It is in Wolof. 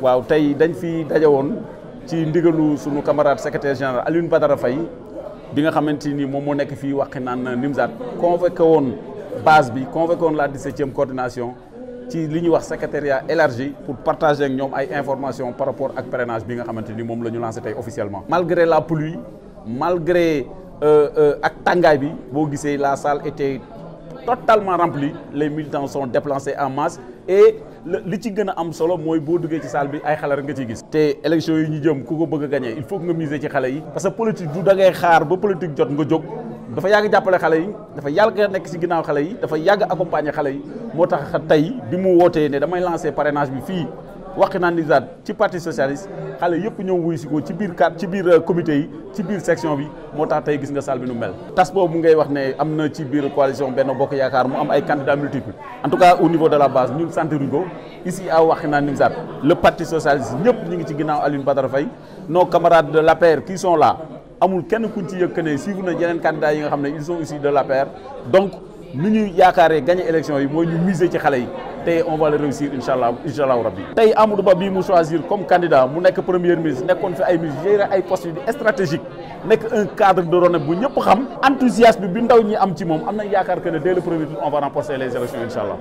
waaw tey dañ fi daje ci ndigalu sunu camarade secrétaire général Alioune Badara Faye bi nga xamante ni moom moo nekk fii waxi naan Nimzaat convoqué woon base bi convoqué woon la 17e coordination ci li ñuy wax secrétariat élargi pour partager ak ñoom ay informations par rapport ak prénage bi nga xamante ni moom la ñu lancé tey officiellement. malgré la pluie malgré euh, euh, ak tàngaay bi boo gisee la salle était totalement rempli les militants sont déplacés en masse et li ci gën am solo moy bo duggé ci salle bi ay xalé nga ci gis. te élection yi ñu jëm ku ko bëgg gagner il faut que nga miser ci xalé yi. parce que politique du da ngay xaar ba politique jot nga jog dafa yag jappalé xalé yi dafa yàgg nek ci ginnaaw xalé yi dafa yag accompagner xalé yi motax tax tey bi mu woté né damay lancer parrainage bi fi waxinaanisaan ci parti socialiste xale yëpp ñëw wuy si ko ci biir kat ci biir euh, comité yi ci biir section bi moo tax tey gis nga salle bi nu mel. tas boobu ngay wax ne am ci biir coalition Benno Bokk Yaakaar mu am ay candidats multiples en tout cas au niveau de la base ñun sentiruñ ko ici à waxinaanisaan le parti socialiste ñëpp ñu ngi ci ginnaaw Alioune Badara Faye nos camarades de la paire qui sont là amul kenn kuñ ci yëkk ne suivre na yeneen candidats yi nga xam ils sont aussi de la paire. donc nu ñuy yaakaaree gagner élection yi mooy ñu miser ci xale yi. Et on va le réussir Inch'Allah, Inch'Allah rabbi Tay Amadou Ba bii mu choisir comme candidat mu nekk premier ministre nekkoon fi ay ministre gérer ay postes stratégiques, stratégique est un cadre de renommée bu ñëpp xam enthousiasme bi ndaw ñi am ci moom am nañ que dès le premier tour on va remporter les élections Inch'Allah.